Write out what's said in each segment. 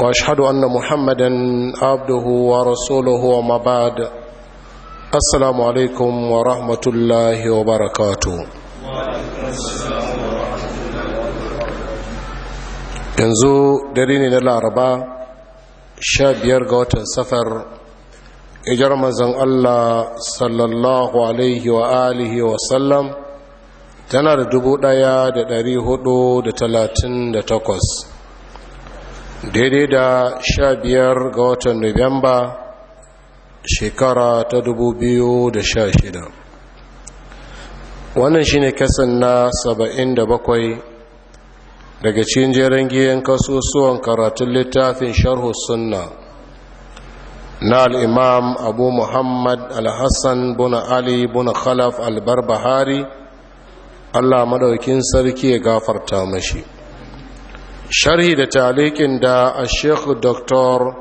واشهد ان محمدا عبده ورسوله وما بعد السلام عليكم ورحمه الله وبركاته yanzu dare ne na laraba sha biyar ga watan safar ijar manzon allah sallallahu alaihi wa alihi wa sallam tana da dubu daya da dari hudu da talatin da takwas daidai da sha biyar ga watan nuwamba shekara ta dubu biyu da sha shida wannan shine kasan na saba'in da bakwai daga cikin jeren giyan kasusuwan karatun littafin sharhu sunna na al'imam abu muhammad al-hassan buna ali buna khalaf al-barbahari allah maɗaukin sarki ya gafarta mashi sharhi da talikin da a sheikh dr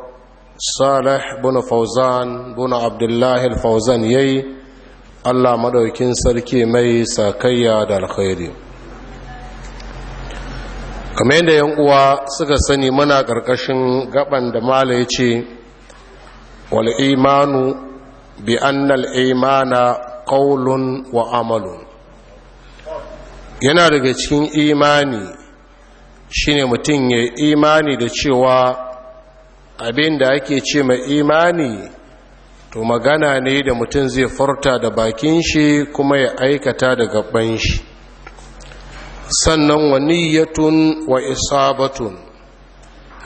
salih bin fauzan bin abdullahi fauzan ya yi allah maɗaukin sarki mai sakayya da alkhairi kamar yadda yan uwa suka sani muna ƙarƙashin gaban da mala ya ce wal imanu bi annal imana qaulun wa amalun yana daga cikin imani shine mutum ya imani da cewa abin da ake ce mai imani to magana ne da mutum zai furta da bakin shi kuma ya aikata da gaban shi sannan wa niyyatun wa isabatun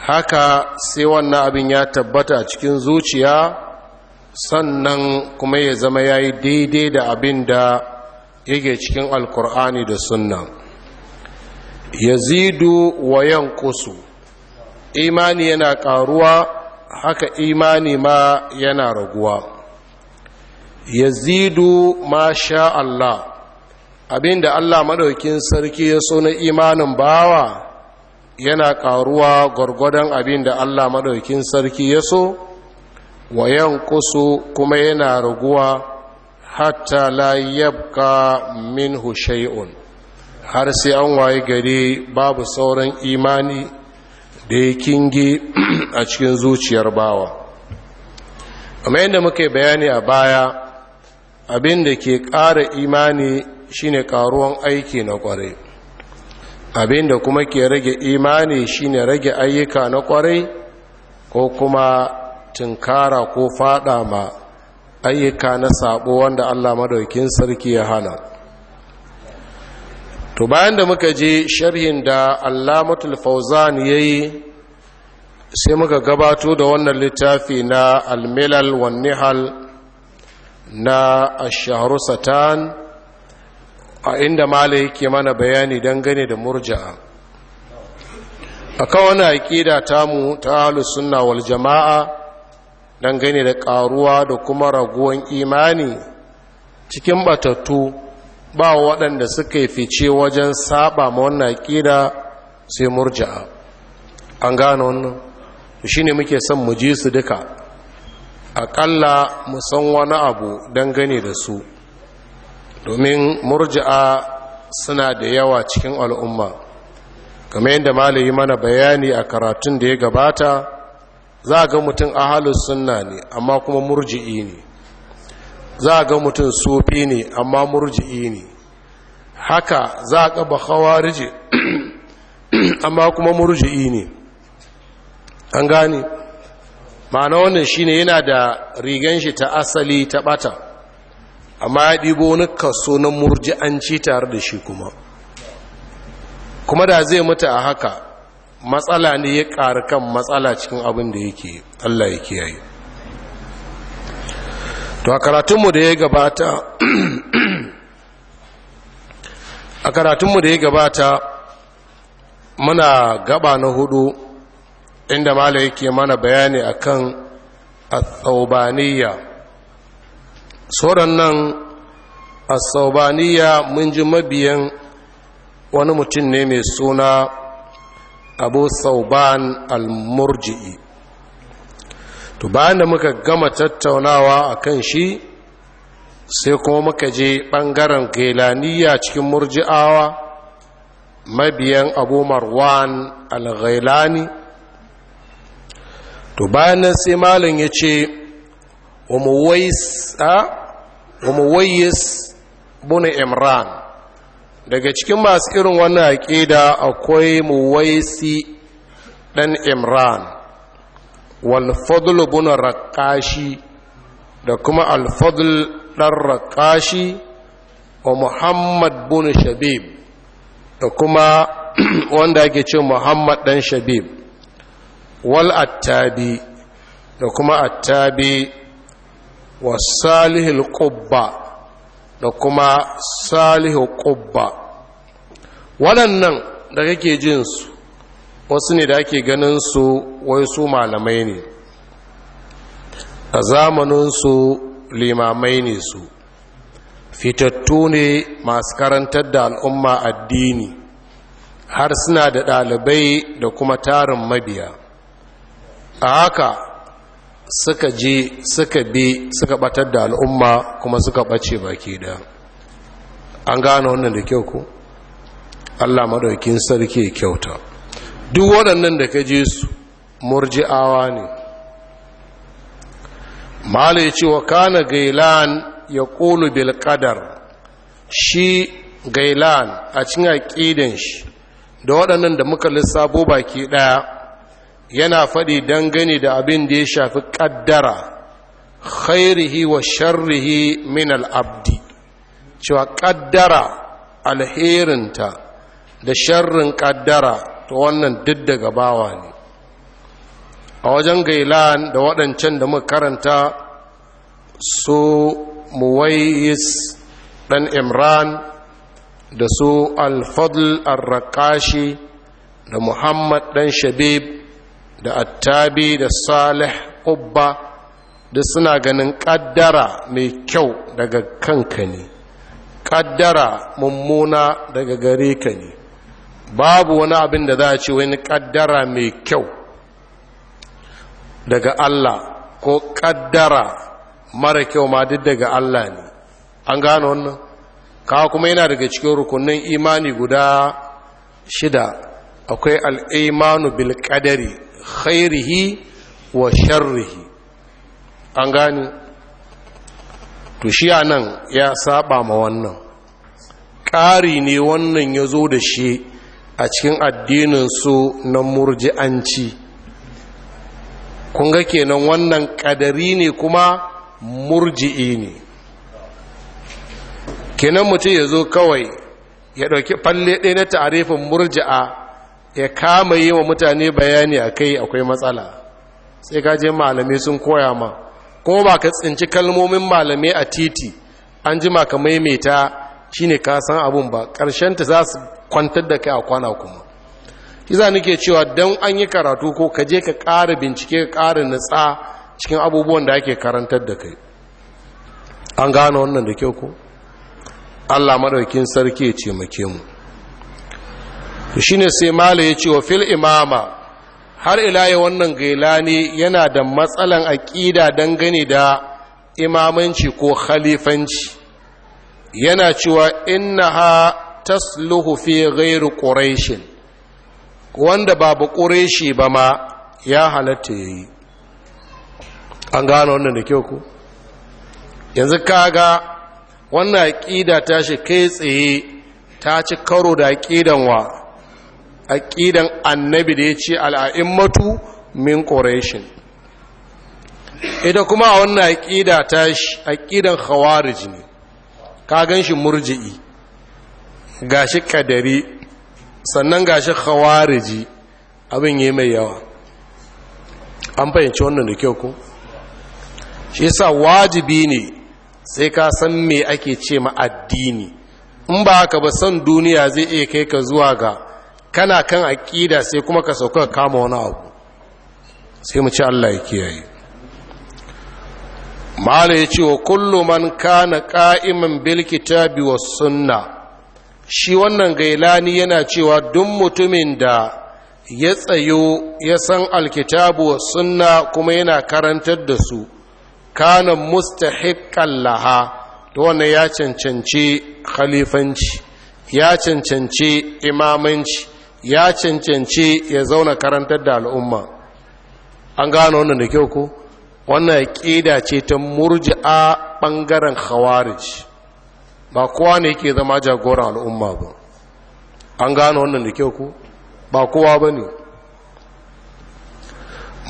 haka sai wannan abin ya tabbata a cikin zuciya sannan kuma ya zama ya yi daidai da abin da yake cikin alkur'ani da sunna yazidu wa Yankusu, imani yana karuwa haka imani ma yana raguwa yazidu ma sha Allah abinda Allah madaukin sarki ya so na imanin bawa yana karuwa gwargwadon abinda Allah madaukin sarki ya so wa kusu kuma yana raguwa hatta la yabka minhu shay'un har sai an waye gare babu sauran imani da ya kingi a cikin zuciyar bawa amma yadda muke bayani a baya abin da ke ƙara imani shine ƙaruwan aiki na ƙwarai abin da kuma ke rage imani shine rage ayyuka na ƙwarai ko kuma tunkara ko fada ma ayyuka na sabo wanda allah madaukin sarki ya hana to bayan da muka je sharhin da allamatul fauzan ya yi sai muka gabato da wannan littafi na almilal wa nihal na ashahru satan a inda malai yake mana bayani dangane da murja'a akan wani aƙida tamu ta ahlus sunna wal jama'a dangane da ƙaruwa da kuma raguwan imani cikin batattu ba waɗanda suka yi fice wajen saba ma wannan aƙida sai murja'a an gano wannan shi ne muke son mu ji su duka aƙalla mu san wani abu dangane da su domin murja'a suna da yawa cikin al'umma kamar yadda malayi mana bayani a karatun da ya gabata za ga mutum ahalus sunna ne amma kuma murji'i ne za a ga mutum sufi ne amma murji'i ne haka za a gaba amma kuma murji'i ne an gani ma'ana wannan shine yana da rigan shi ta asali ta bata amma ya ɗibo wani kaso na murji'anci tare da shi kuma kuma da zai mutu a haka matsala ne ya ƙari kan matsala cikin abin da yake allah ya kiyaye to a karatunmu da ya gabata a karatunmu da ya gabata muna gaba na hudu inda mala yake mana bayani akan atsaubaniya sauran nan atsaubaniya mun ji mabiyan wani mutum ne mai suna abu sauban al-murji'i to bayan da muka gama tattaunawa a kan shi sai kuma muka je ɓangaren gailaniya cikin murji'awa mabiyan abu marwan al to bayan nan sai malin ya ce wa muwayis bune imran daga cikin masu irin wannan aƙida akwai muwaisi ɗan imran fadl بن رقاشي da kuma alfadl ɗan raƙashi wa muhammad bun shabib da kuma wanda ake ce muhammad ɗan shabib wal attabi da kuma attabi wa salihul ƙubba da kuma salihul ƙubba waɗannan da kake jinsu wasu ne da ake ganin su wai su malamai ne a zamaninsu limamai ne su fitattu ne masu karantar da al'umma addini har suna da ɗalibai da kuma tarin mabiya a haka suka je suka bi suka batar da al'umma kuma suka ɓace baki da an gane wannan da kyau ku allah maɗaukin sarki kyauta duk waɗannan da ka je su murji'awa ne mala ya ce wa kana gailan ya ƙolu bilƙadar shi gailan a cin aƙidan shi da waɗannan da muka lissafo baki ɗaya yana faɗi dangane da abin da ya shafi ƙaddara khairihi wa sharrihi min al'abdi cewa ƙaddara alherinta da sharrin ƙaddara to wannan duk daga bawa ne a wajen gailan da waɗancan da muka karanta su muwayis ɗan imran da su alfadl rakashi da muhammad ɗan shabib da attabi da salih ƙubba da suna ganin ƙaddara mai kyau daga kanka ne ƙaddara mummuna daga gare ka ne babu wani abin da za a ce wani kaddara mai kyau daga Allah ko kaddara mara kyau ma duk daga Allah ne an gano wannan ka kuma yana daga cikin rukunin imani guda shida akwai al'imanu bil kadari khairihi wa sharrihi an gani to nan ya saba ma wannan ƙari ne wannan ya zo da shi a cikin addininsu na murji'anci kun ga kenan wannan ƙadari ne kuma murji'i ne kenan mutum ya zo kawai ya ɗauki falle ɗaya na tarifin murji'a ya kama yi wa mutane bayani a kai akwai matsala sai ka je malamai sun koya ma kuma ba ka tsinci kalmomin malamai a titi an jima ka maimaita shine ka san abun ba ta za su kwantar da kai a kwana kuma kiza nake cewa don an yi karatu ko ka je ka ƙara bincike ka ƙara nutsa cikin abubuwan da ake karantar da kai an gano wannan da kyau ko allah madaukin sarki ya ce make mu shi ne sai mala ya ce wa fil imama har ilaye wannan gailani yana da matsalan aƙida dangane da imamanci ko khalifanci yana cewa ha. tasluhu fi ghairu quraishin wanda babu quraishi ba ma ya halatta yi. an gano wannan da kyau ku yanzu kaga wannan aqida ta shi kai tsaye ta ci karo da aqidan wa aqidan annabi da yace al'a'immatu min quraishin ita kuma a wannan aqida ta shi aqidan khawarij ne ka gan shi murji'i gashi kadari sannan gashi khawariji abin yi mai yawa an fahimci wannan da kyau ko shi yasa wajibi ne sai ka san me ake ce ma addini in ba ka ba san duniya zai iya kai ka zuwa ga kana kan aƙida sai kuma ka sauka kama wani abu sai mu ci Allah ya kiyaye mala yace wa kullum man kana qa'iman bil kitabi was sunnah shi wannan gailani yana cewa duk mutumin da ya tsayo ya san alkitabu sunna kuma yana karantar da su kana mustahiqqan laha da wannan ya cancanci khalifanci ya cancanci imamanci ya cancanci ya zauna karantar da al'umma an gano wannan da kyau ko wannan ƙida ce ta murji'a ɓangaren khawarij ba kowa ne yake zama jagoran al'umma ba an gano wannan da kyau ku ba kowa ba ne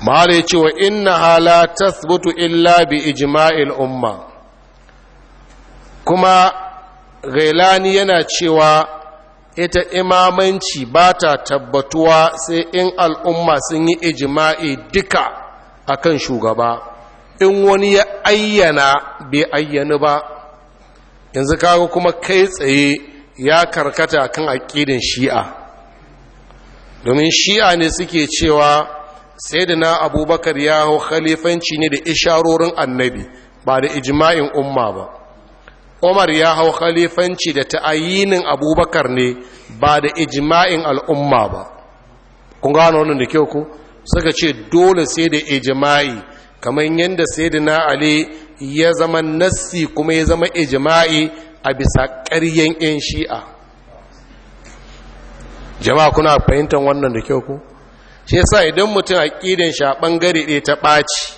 ma'ala ya ce wa inna hala tasbutu illa bi ijima'il umma kuma gailani yana cewa ita imamanci ba ta tabbatuwa sai in al'umma sun yi ijima'i duka akan shugaba in wani ya ayyana bai ayyani ba yanzu kaga kuma kai tsaye ya karkata kan aƙidin shi'a domin shi'a ne suke cewa sai da na abubakar ya hau khalifanci ne da isharorin annabi ba da ijma'in umma ba umar ya hau khalifanci da ta'ayinin abubakar ne ba da ijma'in al'umma ba kun gano wannan da kyau ku suka ce dole sai da ijima'i, kamar yadda sai da na ali ya zama nassi kuma ya zama ijima'i a bisa ƙaryen 'yan shi'a jama'a kuna fahimtar wannan da kyau ku shi sa idan mutum a ƙidin shi a ɓangare ɗaya ta ɓaci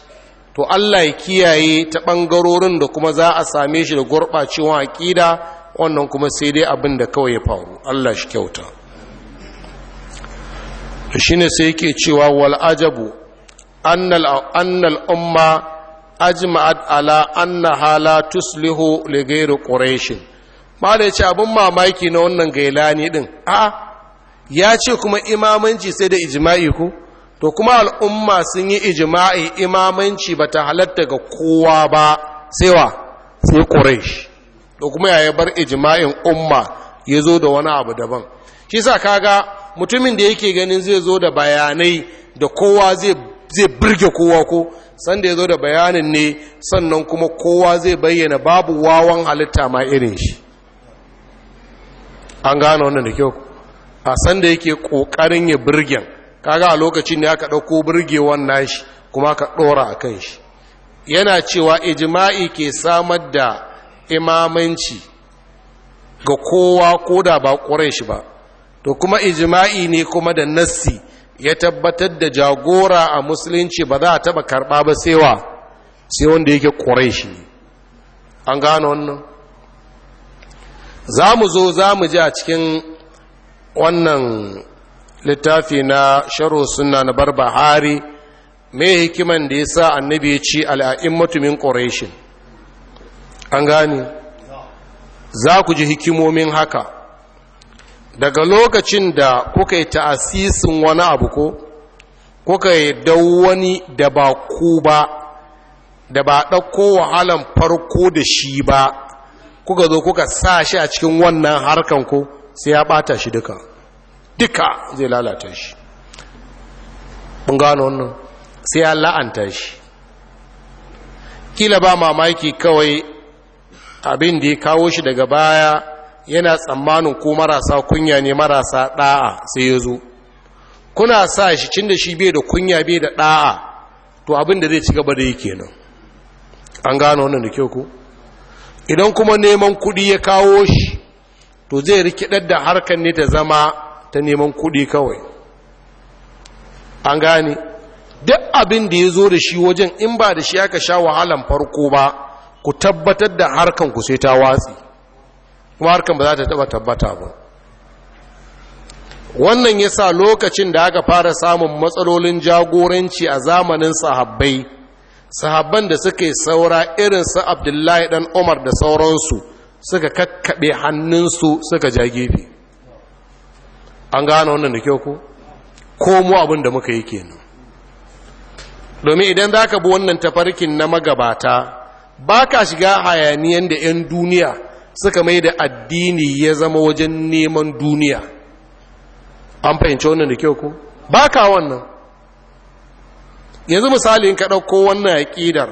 to allah ya kiyaye ta ɓangarorin da kuma za a same shi da gurɓacewa a ƙida wannan kuma sai dai abin da kawai ya faru allah shi kyauta shi ne sai yake cewa wal ajabu annal umma ajma'at ala annaha la tuslihu li ghairi quraish da yace abin mamaki na wannan gailani din a ya ce kuma imamanci sai da ijma'i ku? to kuma al'umma sun yi ijma'i imamanci ba ta halatta ga kowa ba sai wa sai quraish to kuma ya bar ijma'in umma ya zo da wani abu daban shi sa kaga mutumin da yake ganin zai zo da bayanai da kowa zai zai birge kowa ko sanda ya zo da bayanin ne sannan kuma kowa zai bayyana babu wawan halitta ma irin shi an gane wannan da kyau a sanda yake ƙoƙarin ya birgen kaga a lokacin ne aka ɗauko birgewan nashi kuma ka ɗora a kan shi yana cewa ijima'i ke samar da imamanci ga kowa ko da ba ƙurai shi ba to kuma ijima'i ne kuma da nassi ya tabbatar da jagora a musulunci ba za a taba karba ba sewa sai wanda yake shi. an gano wannan za mu zo za mu ji a cikin wannan littafi na sharo suna na bar barbahari mai hikiman da ya sa annabi ya ci al'a'in mutumin shi. an gane za ku ji hikimomin haka daga lokacin da kuka yi ta'asisin wani abu ko kuka yi wani da ba ku ba da ba ɗauko wahalan farko da shi ba kuka zo kuka sa shi a cikin wannan harkan ko sai ya ɓata shi duka duka zai lalata shi mun gano wannan sai ya la'anta shi kila ba mamaki kawai abin da ya kawo shi daga baya yana tsammanin ko marasa kunya ne marasa ɗa'a sai ya zo kuna sa shi cin da shi bai da kunya bai da ɗa'a to abin da zai ci gaba da yi kenan an gano wannan da kyau ku idan kuma neman kuɗi ya kawo shi to zai rikidar da harkar ne ta zama ta neman kuɗi kawai an gane duk abin da ya zo da shi wajen in ba da shi aka sha wahalan farko ba ku tabbatar da harkan ku sai ta watsi kuma harkan ba za ta taba tabbata ba wannan ya sa lokacin da aka fara samun matsalolin jagoranci a zamanin sahabbai sahabban da suka yi saura irinsu abdullahi dan umar da sauransu suka kakkaɓe hannunsu suka ja an gano wannan da kyau ko komo abin da muka yi kenan domin idan za ka bi wannan tafarkin na magabata ba ka shiga hayaniyan da 'yan duniya suka mai da addini ya zama wajen neman duniya an fahimci wannan da kyau ko ba ka wannan yanzu misali in ka ɗauko wannan aƙidar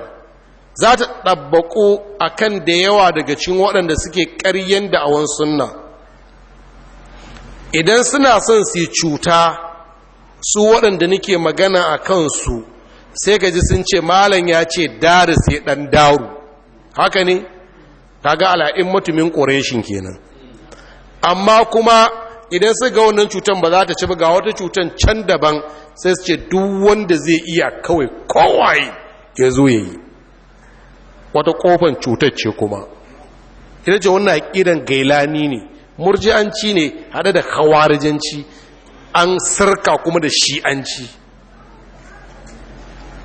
za ta ɗabbaƙo a kan da yawa daga cikin waɗanda suke ƙaryen da'awan sunna idan suna son su cuta su waɗanda nake magana a kansu sai ka ji sun ce malam ya ce daris ɗan daru haka ne ga ala'in mutumin ƙoreshin kenan amma kuma idan su ga wannan cutar ba za ta ci ba ga wata cutar can daban sai su ce duk wanda zai iya kawai kowai ya zo ya yi wata ƙofan cutar ce kuma ita ce wannan aƙidan gailani ne murji'anci ne hada da hawarijanci an sarka kuma da shi'anci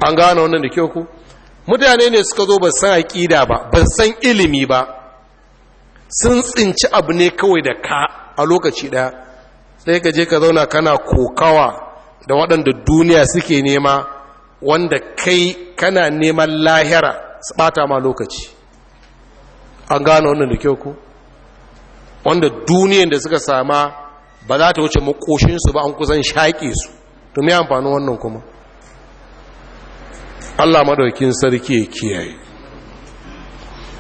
an gane wannan da kyau ku mutane ne suka zo ba san aƙida ba ba san ilimi ba sun tsinci abu ne kawai da ka a lokaci ɗaya sai ka je ka zauna kana kokawa da waɗanda duniya suke nema wanda kai kana neman lahira su ɓata ma lokaci an gano wannan da kyau ku wanda duniyan da suka sama ba za ta wuce makoshinsu ba an kusan shaƙe su to me amfanin wannan kuma Allah madaukin sarki ya kiyaye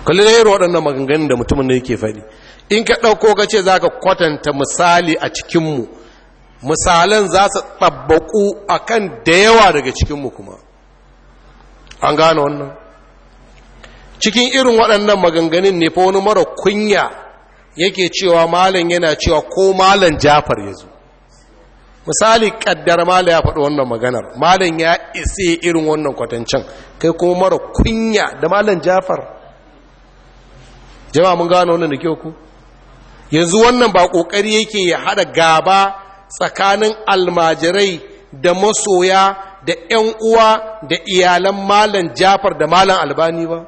kullu da yaro waɗannan maganganun da mutumin ne yake faɗi in ka ɗauko ka ce za ka kwatanta misali a cikinmu misalan za su ɗabbaƙu a kan da yawa daga cikinmu kuma an gane wannan cikin irin waɗannan maganganun ne fa wani mara kunya yake cewa malam yana cewa ko malam jafar ya zo misali kaddar mala ya faɗi wannan maganar malan ya isi irin wannan kwatancin kai kuma mara kunya da malan jafar jama'a mun gano wannan da kyau ku yanzu wannan ba kokari yake ya hada gaba tsakanin almajirai da masoya da 'yan uwa da iyalan malan jafar da malan albani ba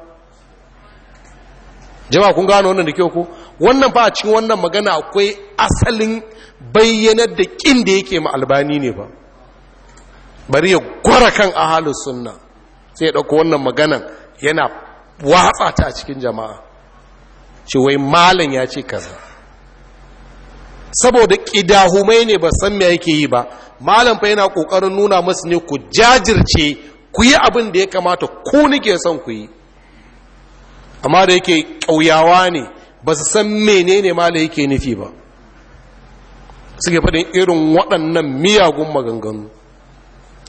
jama'a kun gano wannan da kyau ko wannan ba a cikin wannan magana akwai asalin bayyanar da kin da yake ma albani ne ba bari ya gwara kan ahalus sunna sai ya dauko wannan magana yana watsa ta a cikin jama'a ce wai malam ya ce kaza saboda kidahumai ne ba san me yake yi ba malam fa yana kokarin nuna musu ne ku jajirce ku yi abin da ya kamata ku nike son ku yi amma da yake ƙauyawa ne ba su san menene mala yake nufi ba suke faɗin irin waɗannan miyagun maganganu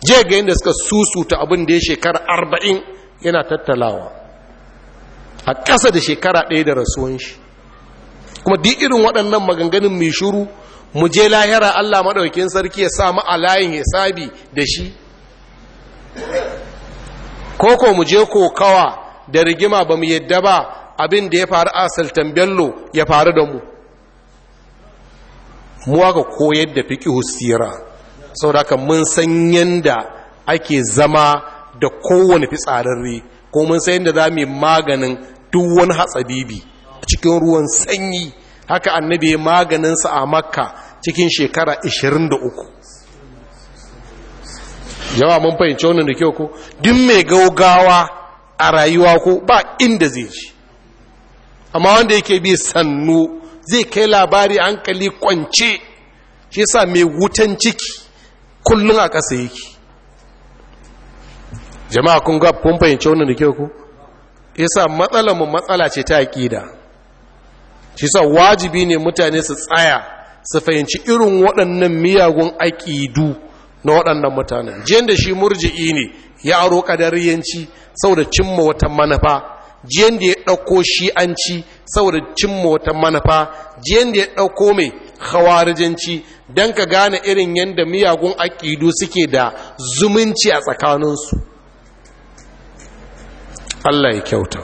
je ga yadda suka susuta abin da ya shekara arba'in yana tattalawa a ƙasa da shekara ɗaya da rasuwan shi kuma duk irin waɗannan maganganun mai shuru mu je lahira allah maɗaukin sarki ya samu a layin hisabi da shi ko koko mu je kokawa da rigima ba mu yadda ba abin da ya faru a sultan bello ya faru da mu muwa ga koyar da fiki da saboda mun san yadda ake zama da kowane fitsararre ko mun san yadda za mu yi maganin duk wani hatsabibi a cikin ruwan sanyi haka annabi ya sa a makka cikin shekara 23 yawa mun fahimci wannan da kyau ko duk mai gaugawa a rayuwa ko ba inda zai ji amma wanda yake bi sannu zai kai labari hankali kwance shi sa mai wutan ciki kullum a ƙasa yake jama'a kun ga kun fahimci wannan da ke ku yasa matsala mu matsala ce ta aƙida shi sa wajibi ne mutane su tsaya su fahimci irin waɗannan miyagun aƙidu na waɗannan mutanen jiyan da shi murji'i ne ya aro kadariyanci saboda cimma wata manufa jiyan da ya ɗauko shi'anci saboda cimma wata manufa jiyan da ya ɗauko mai khawarijanci don ka gane irin yadda miyagun aƙidu suke da zumunci a tsakaninsu Allah ya kyauta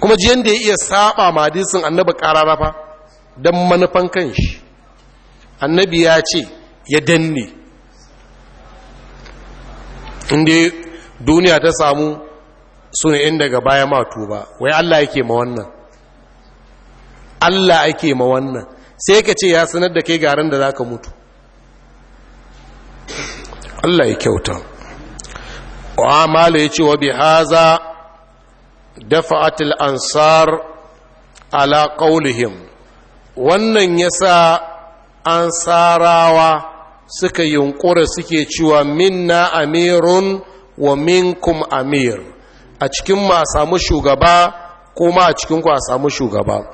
kuma jiyan da ya iya saba madisin annabi ƙararrafa don manufan kanshi annabi ya ce ya danne inda duniya ta samu su ne inda ga baya matu ba. wai Allah yake ma wannan Allah ake ma wannan sai ka ce ya sanar da kai garin da za ka mutu Allah ya kyauta wa ya ce wa bi haza dafa'atul ansar ala qaulihim wannan yasa ansarawa suka yunkura suke cewa minna amirun wa minkum amir a cikin ma samu shugaba kuma a cikin ku a samu shugaba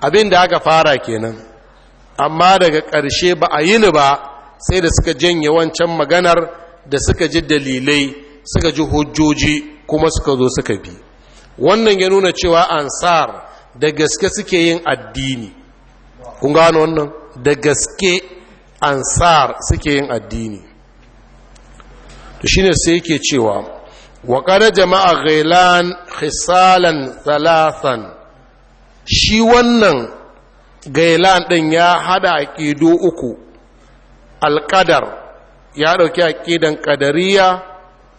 abin da aka fara kenan amma daga ƙarshe ba a yi ni ba sai da suka janye wancan maganar da suka ji dalilai suka ji hujjoji kuma suka zo suka bi wannan ya nuna cewa ansar da gaske suke yin addini kun gano wannan da gaske ansar suke yin addini to shine sai yake cewa wa qara jama'a ghailan khisalan thalathan shi wannan gailan ɗin ya hada aqidu uku alƙadar ya dauki aqidan ƙadariya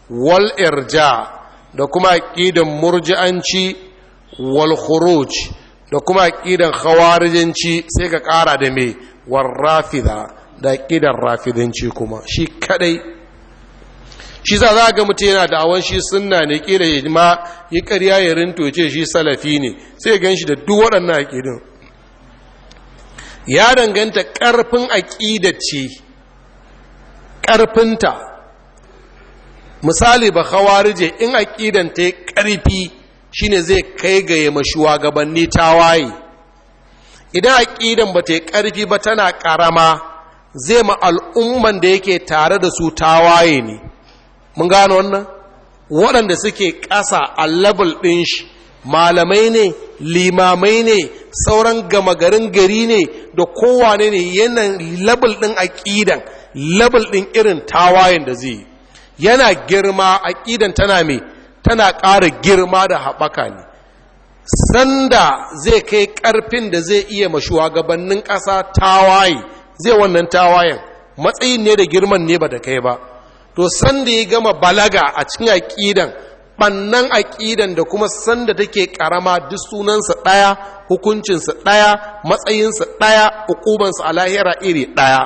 wal irja da kuma aqidan murji'anci wal khuruj da kuma aqidan khawarijanci sai ka ƙara da mai war rafida da aqidan rafidanci kuma shi kadai shi za za ga mutum yana da'awan shi sunna ne kila ya ma yi karya ya rintoce shi salafi ne sai gan shi da duk waɗannan aƙidun ya danganta ƙarfin aƙida ce ƙarfinta misali ba kawarije in aƙidan ta yi ƙarfi shi ne zai kai ga yama shugabanni waye idan aƙidan ba ta yi ƙarfi ba tana ƙarama zai ma al'umman da yake tare da su ta waye ne mun gano wannan waɗanda suke ƙasa a label ɗin shi malamai ne limamai ne sauran gama garin gari ne da kowane ne yanayin label ɗin aƙidan label ɗin irin tawayen da zai yana girma aƙidan tana mai tana ƙara girma da haɓaka ne sanda zai kai ƙarfin da zai iya mashuwa gabanin ƙasa tawaye zai wannan tawayen matsayin ne da girman ne ba da kai ba to sanda ya gama balaga a cikin aƙidan ɓannan aƙidan da kuma sanda take ƙarama duk sunansa ɗaya hukuncinsa ɗaya matsayinsa ɗaya hukumansa a lahira iri ɗaya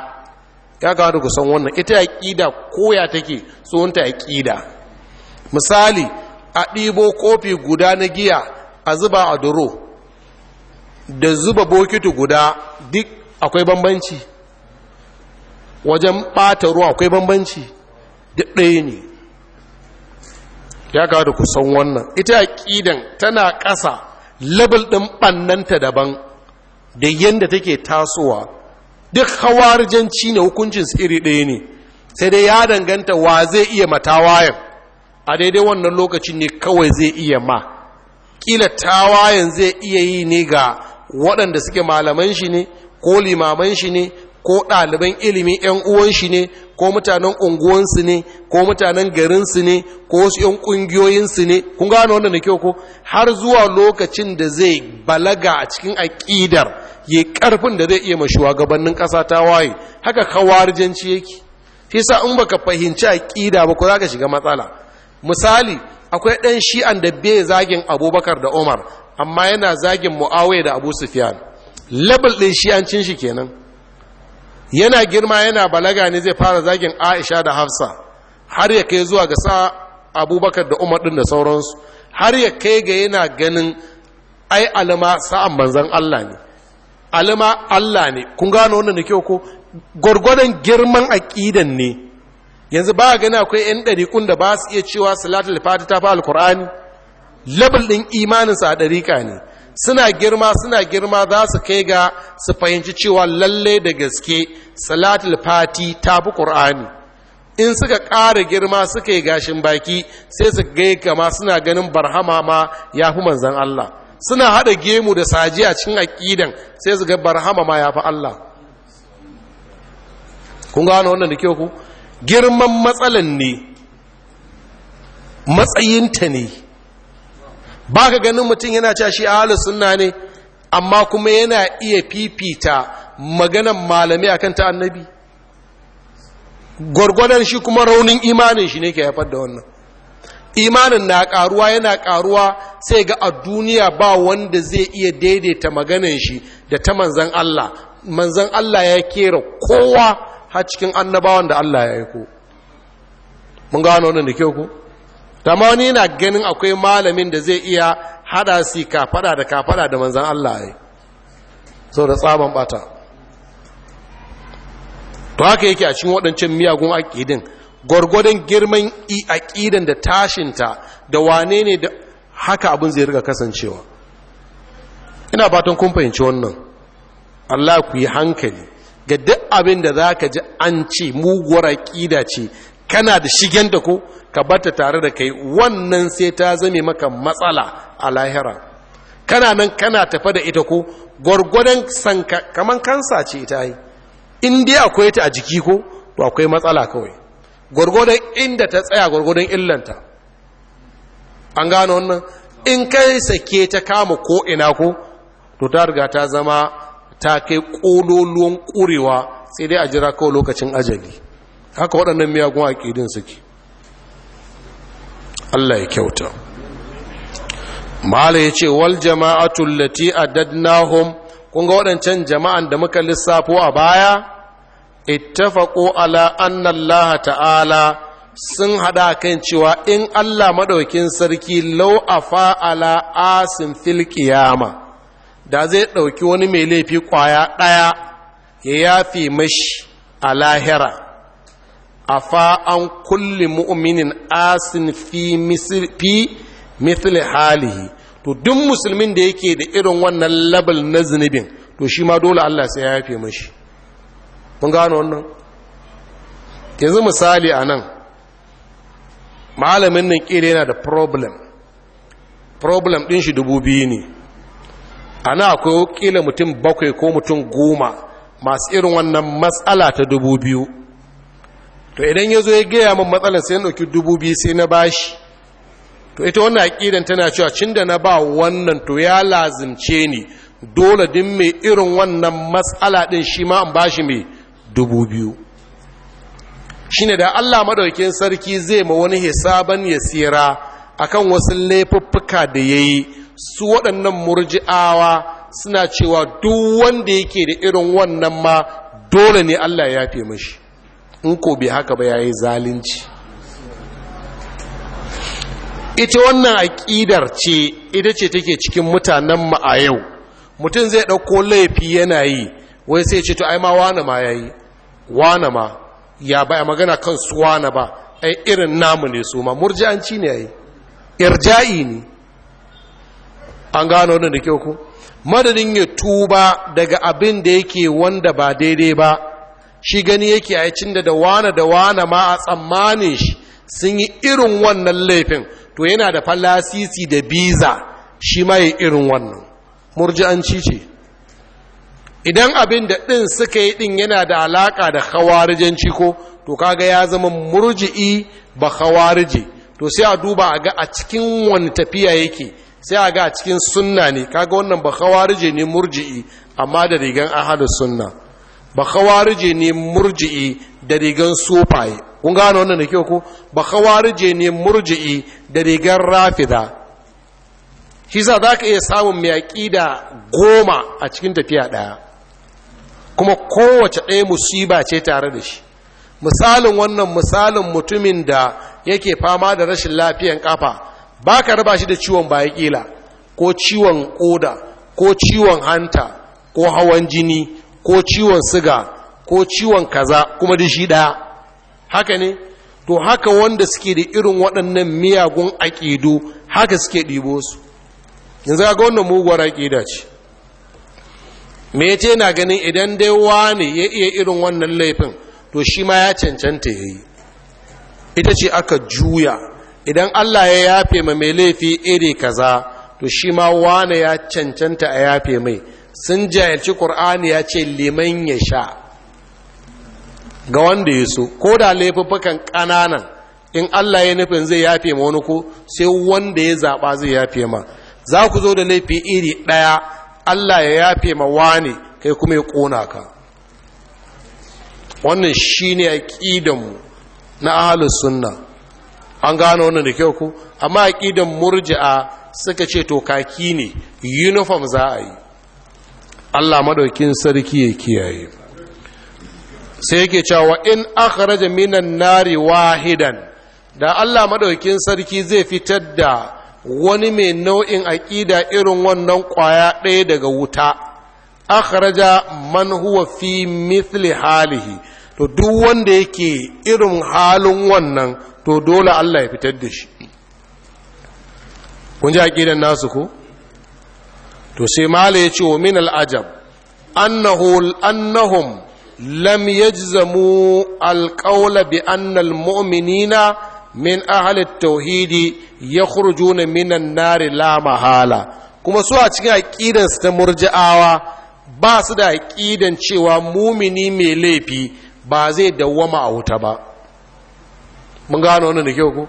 ya gawa da kusan wannan ita aƙida koya take tsohonta aƙida misali a ɗibo kofi guda na giya a zuba a duro da zuba bokiti guda duk akwai bambanci wajen ɓata ruwa akwai bambanci duk ɗaya ne ya ga da kusan wannan ita aƙidan tana ƙasa label ɗin ɓannanta daban da yadda take tasowa duk hawarijanci ne hukuncin iri ɗaya ne sai dai ya danganta wa zai iya matawayan a daidai wannan lokacin ne kawai zai iya ma kila tawayan zai iya yi ne ga waɗanda suke malaman shi ne ko limaman shi ne ko ɗaliban ilimin 'yan uwan shi ne ko mutanen unguwansu ne ko mutanen garinsu ne ko wasu 'yan ƙungiyoyinsu ne kun gano wanda na kyau ko har zuwa lokacin da zai balaga a cikin aƙidar ya ƙarfin da zai iya mashuwa gabanin ƙasa ta waye haka kawarjanci yake shi sa in baka fahimci aƙida ba ko za ka shiga matsala misali akwai ɗan shi'an da bai zagin abubakar da umar amma yana zagin mu'awai da abu Sufiyan. label ɗin shi'ancin shi kenan yana girma yana balaga ne zai fara zagin aisha da hafsa har ya kai zuwa ga sa abubakar da umar ɗin da sauransu har ya kai ga yana ganin ai alama sa'an manzan allah ne alama allah ne kun gano wannan da kyau ko gwargwadon girman aƙidan ne yanzu ba gani akwai 'yan ɗariƙun da ba su iya cewa salatul fati ta fi alkur'ani labal ɗin imaninsa a ɗariƙa ne suna girma suna girma za su kai ga su fahimci cewa lalle da gaske salatul fati ta fi ƙur'ani in suka ƙara girma suka yi gashin baki sai su gai kama suna ganin barhama ma ya fi manzan Allah suna haɗa gemu da saji a cikin aƙidan sai su ga barhama ma ya fi Allah kun gano wannan da kyau ku girman matsalan ne matsayinta ne ba ka ganin mutum yana cewa shi ahalus sunna ne amma kuma yana iya fifita maganan malamai akan ta annabi gwargwadon shi kuma raunin imanin shi ne ke haifar da wannan imanin na karuwa yana karuwa sai ga a duniya ba wanda zai iya daidaita maganan shi da ta manzan Allah manzan Allah ya kera kowa har cikin annabawan da Allah ya yi ko. mun gano wannan da kyau ku. tamma wani yana ganin akwai malamin da zai iya hada si fada da ka fada da manzan Allah ya so da tsaban bata to haka yake a cikin waɗancan miyagun aƙidin gwargwadon girman aƙidan da tashinta da wane ne da haka abin zai riga kasancewa ina fatan kun fahimci wannan Allah ku yi hankali ga duk abin da za ka ji an ce muguwar aƙida ce kana da shigen da ko ka bata tare da kai wannan sai ta zame maka matsala a lahira kana nan kana tafa da ita ko gwargwadon sanka kaman kansa ce ita yi in dai akwai ta a jiki ko to akwai matsala kawai gwargwadon inda ta tsaya gwargwadon illanta an gano wannan in kai sake ta kama ko ina ko to ta riga ta zama ta kai kololuwan kurewa sai dai a jira kawai lokacin ajali haka waɗannan miyagun aƙidin suke Allah ya kyauta mala ya ce wal jama'atu lati adadnahum kun ga waɗancan jama'an da muka lissafo a baya ittafaqu ala anna Allah ta'ala sun hada kan cewa in Allah madaukin sarki law afa ala asim fil qiyama da zai ɗauki wani mai laifi kwaya ɗaya ya yafi mashi a afa an kulli mu'minin asin fi misli halihi to duk musulmin da yake da irin wannan labal na zunubin to shi ma dole Allah sai ya yafe mashi mun gano wannan yanzu misali anan malamin nan kire yana da problem problem ɗin shi dubu biyu ne a nan akwai kila mutum bakwai ko mutum goma masu irin wannan matsala ta dubu biyu to idan ya zo ya gaya min matsalar sai na ɗauki dubu biyu sai na bashi to ita wannan aƙidan tana cewa cin da na ba wannan to ya lazimce ni dole din mai irin wannan matsala ɗin shi ma an bashi mai dubu biyu shi ne da allah maɗaukin sarki zai ma wani hisaban ya tsira akan wasu laifuffuka da ya yi su waɗannan murji'awa suna cewa duk wanda yake da irin wannan ma dole ne allah ya fi mashi in ko bai haka ba yayi zalunci ita wannan aƙidar ce ita ce take cikin mutanen mu a yau mutum zai ɗauko laifi yana yi wai sai ce to ai ma wane ma yayi wane ma ya ba magana kan su wane ba ai irin namu ne su ma murji'anci ne yayi irja'i ne an gano wannan da kyau ko madadin ya tuba daga abin da yake wanda ba daidai ba shi gani yake a cin da wane da ma a tsammanin shi sun yi irin wannan laifin to yana da falasisi da biza shi ma yi irin wannan murji'anci ce idan abin da ɗin suka yi ɗin yana da alaƙa da hawarijanci ko to kaga ya zama murji'i ba hawarije to sai a duba a ga a cikin wani tafiya yake sai a ga a cikin sunna ne kaga wannan ba hawarije ne murji'i amma da rigan ahadu sunna ba khawarije ne murji'i da rigan sufaye kun gano wannan da kyau ko ba khawarije ne murji'i da rigan rafida shi za ka iya samun mai aƙida goma a cikin tafiya ɗaya kuma kowace ɗaya musiba ce tare da shi misalin wannan misalin mutumin da yake fama da rashin lafiyan kafa ba ka raba shi da ciwon baya ko ciwon ƙoda ko ciwon hanta ko hawan jini ko ciwon siga ko ciwon kaza kuma da shi ɗaya haka ne to haka wanda suke da irin waɗannan miyagun aƙidu haka suke ɗibo su yanzu ga wannan muguwar aƙida ce me ce na ganin idan dai wani ya iya irin wannan laifin to shi ma ya cancanta ya yi ita ce aka juya idan allah ya yafe ma mai laifi iri kaza to shi ma wani ya cancanta a yafe mai sun jayarci ƙur'ani ya ce liman ya sha ga wanda ya so ko da laifuffukan ƙananan in allah ya nufin zai yafe ma wani ko sai wanda ya zaɓa zai yafe ma za ku zo da laifi iri ɗaya allah ya yafe ma wani kai kuma ya ƙona ka wannan shi ne aƙidanmu na ahalus sunna an gano wannan da kyau ku amma aƙidan murji'a suka ce to kaki ne uniform za a yi Allah madaukin sarki ya kiyaye sai yake cewa in akhraja minan nari wahidan da Allah madaukin sarki zai fitar da wani mai nau'in aƙida irin wannan ƙwaya ɗaya daga wuta akhraja man huwa fi mithli halihi to duk wanda yake irin halin wannan to dole Allah ya fitar da shi kun ji aqidan nasu ko to sai mala ya ce wa min al'ajab annahum lam yajzamu alƙaula bi annal almu'minina min ahli at-tauhidi ya min an la mahala kuma su a cikin aƙidansu ta murji'awa ba su da aƙidan cewa mumini mai laifi ba zai dawwama a wuta ba mun gano wannan da kyau ku.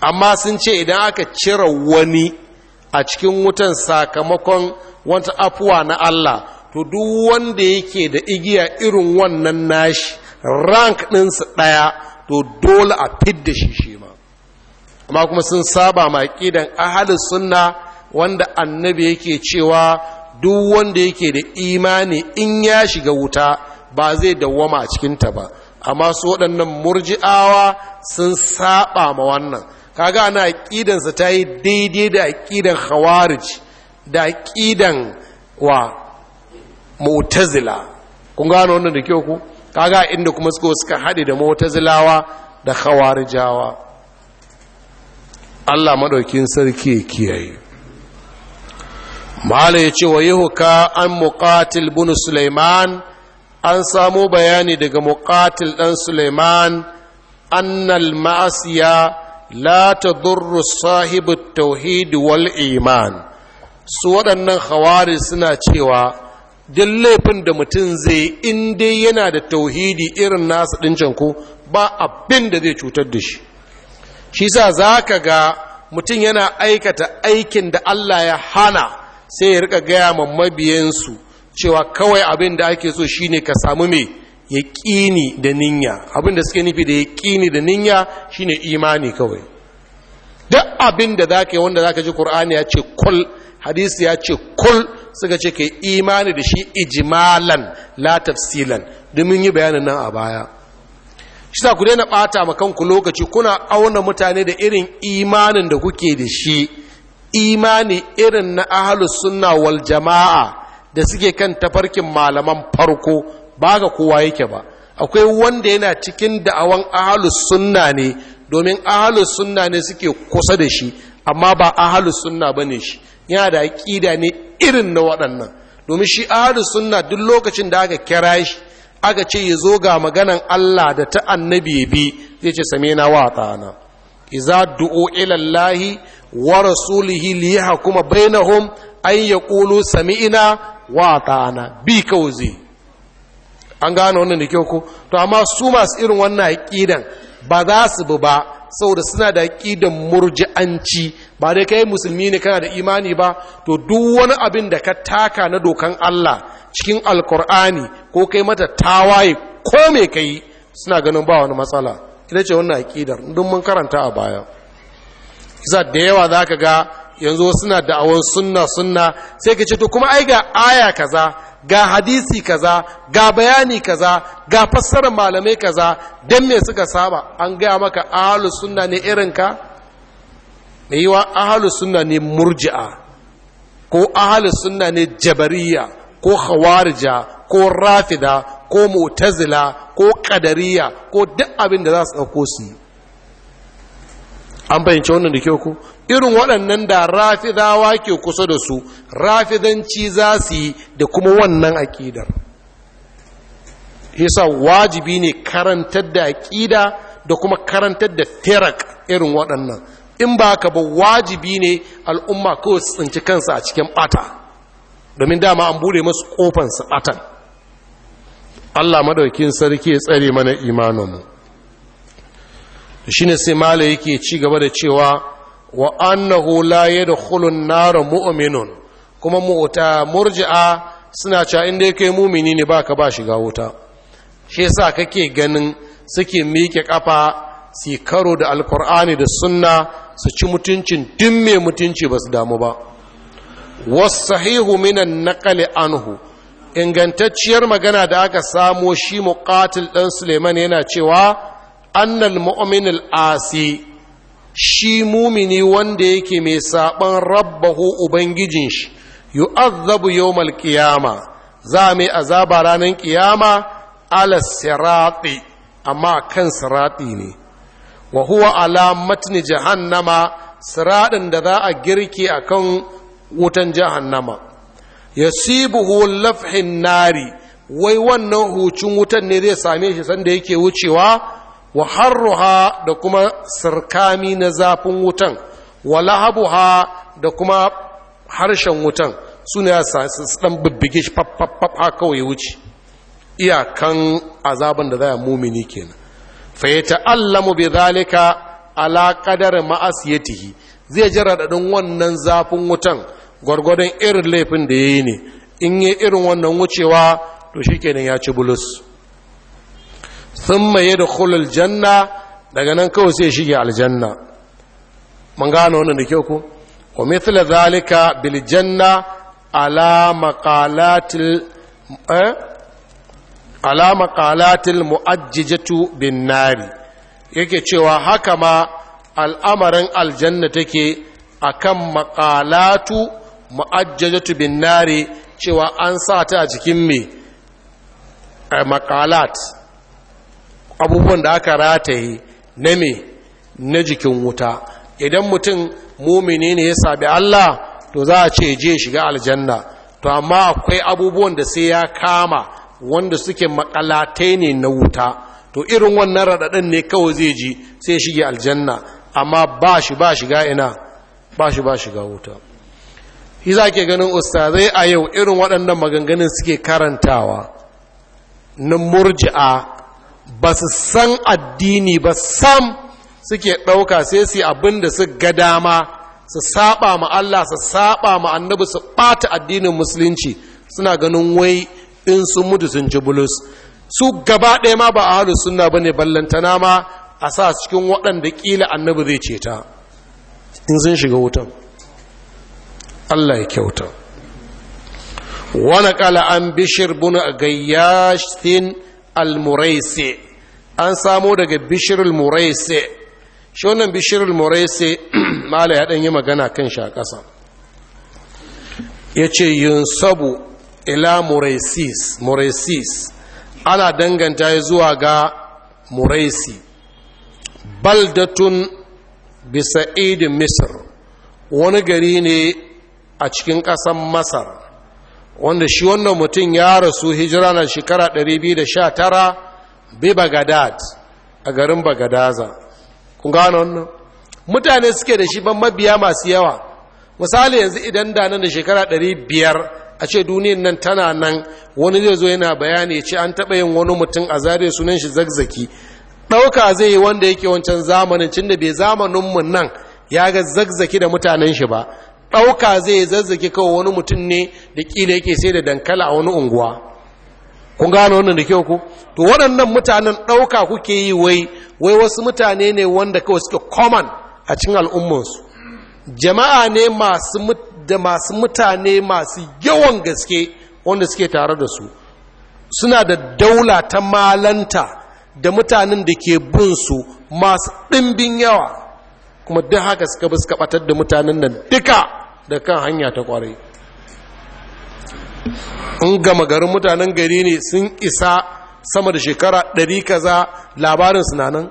amma sun ce idan aka cire wani a cikin wutan sakamakon wata afuwa na Allah to duk wanda yake da igiya irin wannan nashi rank ɗinsa ɗaya to dole a fidda shi shi ma amma kuma sun saba ma ƙidan ahalin sunna wanda annabi yake cewa duk wanda yake da imani in ya shiga wuta ba zai dawwama a cikinta ba amma su waɗannan murji'awa sun saba ma wannan kaga ana aƙidansa ta yi daidai da aƙidan khawarij da aƙidan wa mu'tazila kun gano wannan da kyau ku kaga inda kuma suka suka haɗe da motazilawa da khawarijawa Allah maɗaukin sarki ya kiyaye mala ya ce wa yihuka an muqatil bin sulaiman an samu bayani daga muqatil ɗan sulaiman annal ma'asiya la tadurru sahibu tauhid wal iman su waɗannan khawari suna cewa duk laifin da mutum zai in dai yana da tauhidi irin nasa ɗin ko ba abin da zai cutar da shi shi sa za ka ga mutum yana aikata aikin da Allah ya hana sai ya rika gaya ma mabiyansu cewa kawai abin da ake so shine ka samu mai ya ƙini da ninya abinda suke nufi da ya ƙini da ninya shine imani kawai duk abinda za ka yi wanda za ka ji ƙur'ani ya ce kul hadisi ya ce kul suka ce ka imani da shi ijimalan la tafsilan domin yi bayanin nan a baya shi sa ku daina ɓata ma kanku lokaci kuna auna mutane da irin imanin da kuke da shi imani irin na ahalus sunna wal jama'a da suke kan tafarkin malaman farko ba ga kowa yake ba akwai wanda yana cikin da'awan ahalus sunna ne domin ahalus sunna ne suke kusa da shi amma ba ahalus sunna ba ne shi yana da aƙida ne irin na waɗannan domin shi ahalus sunna duk lokacin da aka kira shi aka ce ya zo ga maganan Allah da ta annabi bi zai ce same na wa ta'ana iza du'o ilallahi wa rasulihi li yahkuma bainahum ay yaqulu sami'na wa ta'ana bi kawzi an gane wannan da kyau ko to amma su masu irin wannan aƙidan ba za su bi ba saboda suna da aƙidan murji'anci ba dai kai musulmi ne kana da imani ba to duk wani abin da ka taka na dokan Allah cikin alkur'ani ko kai mata tawaye ko me kai suna ganin ba wani matsala ita ce wannan aqidar duk mun karanta a baya za da yawa zaka ga yanzu suna da'awar sunna sunna sai ka ce to kuma ai ga aya kaza ga hadisi kaza ga bayani kaza ga fassarar malamai kaza don me suka saba an gaya maka ahalus sunna ne irinka mai wa ahalus sunna ne murji'a ko ahalus sunna ne jabariya ko Hawarija ko rafida ko mutazila ko kadariya ko duk abin da za su ɗauko su yi an fahimci wannan da kyau ko irin waɗannan da rafidawa ke kusa da su rafidanci za su yi da kuma wannan aƙidar yasa wajibi ne karantar da aƙida da kuma karantar da ferak irin waɗannan in ba ka ba wajibi ne al'umma kawai su tsinci kansa a cikin ɓata domin dama an bude masu ƙofansu ɓatan allah madaukin sarki ya tsare mana imaninmu shi ne sai mala yake ci gaba da cewa wa annahu la yadkhulu an-nar mu'minun kuma mu'ta murji'a suna cewa in dai kai mumini ne baka ba shiga wuta shi yasa kake ganin suke miƙe kafa su karo da alkur'ani da sunna su ci mutuncin duk mai mutunci ba su damu ba wasahihu minan naqali anhu ingantacciyar magana da aka samo shi muqatil dan suleiman yana cewa annal mu'min asi shi mumini wanda yake mai saɓan rabbahu ubangijin shi yu'azzabu yau malkiyama za mai azaba ranar ƙiyama ala sirati amma kan sirati ne wa huwa ala matni jahannama siraɗin da za a girke kan wutan jahannama yasibuhu lafhin nari wai wannan hucin wutan ne zai same shi sanda yake wucewa Waharruha da kuma sirkami na zafin wutan wa da kuma harshen wutan su suna ya dan bibbige shi faffaffa kawai wuce iyakan azaban da za mumini kenan fa ya ta'allamu bi zalika ala qadar ma'asiyatihi zai ji radadin wannan zafin wutan gwargwadon irin laifin da yayi ne in yi irin wannan wucewa to shikenan ya ci bulus sun maye da kulul janna daga nan kawai sai shige aljanna mun gano wannan da kyau ku wa mithla zalika bil janna ala maqalatil eh? ala maqalatil muajjijatu bin nari yake cewa haka ma al'amarin aljanna take akan maqalatu muajjijatu bin nari cewa an sa ta a cikin me eh, maqalat abubuwan da aka rataye na me na jikin wuta idan mutum mumini ne ya sabi Allah to za a ce je shiga aljanna to amma akwai abubuwan da sai ya kama wanda suke makalatai ne na wuta to irin wannan raɗaɗin ne kawai zai ji sai shige aljanna amma ba shi ba shiga ina ba shi ba shiga wuta shi za ke ganin ustazai a yau irin waɗannan maganganun suke karantawa na murji'a ba su san addini ba sam suke ɗauka sai su abin da su ga dama su saba ma Allah su saba ma annabi su ɓata addinin musulunci suna ganin wai in sun mutu sun ci bulus su gaba ɗaya ma ba a halin suna ba ne ballantana ma a sa cikin waɗanda ƙila annabi zai ce ta in sun shiga wutan Allah ya kyauta wani kala an bishir a gayyashin. al-muraisi an samo daga bishirul muraisi shi wannan bishirul muraisi mala ya yi magana kan shi a ƙasa ya ce sabu ila muraisis ana danganta ya zuwa ga muraisi baldatun bisa'idin misir wani gari ne a cikin ƙasan masar wanda shi wannan mutum ya rasu hijira na shekara 219 bi bagadad a garin bagadaza kun gano wannan mutane suke da shi ban mabiya masu yawa misali yanzu idan da nan da shekara 500 a ce duniyan nan tana nan wani zai zo yana bayani ce an taɓa yin wani mutum a zare sunan shi zagzaki ɗauka zai yi wanda yake wancan zamanin cin da bai zamaninmu nan ya ga zagzaki da mutanen shi ba ɗauka zai zazzaki kawai wani mutum ne da ƙila yake sai da dankala a wani unguwa kun gano wannan da kyau ku to waɗannan mutanen ɗauka kuke yi wai wai wasu mutane ne wanda kawai suke common a cikin al'ummansu jama'a ne da masu mutane masu yawan gaske wanda suke tare da su suna da daula ta malanta da mutanen da ke bin su masu ɗimbin yawa kuma duk haka suka bi suka ɓatar da mutanen nan duka da kan hanya ta kwarai in gama garin mutanen gari ne sun isa sama da shekara ɗari kaza labarin sinanan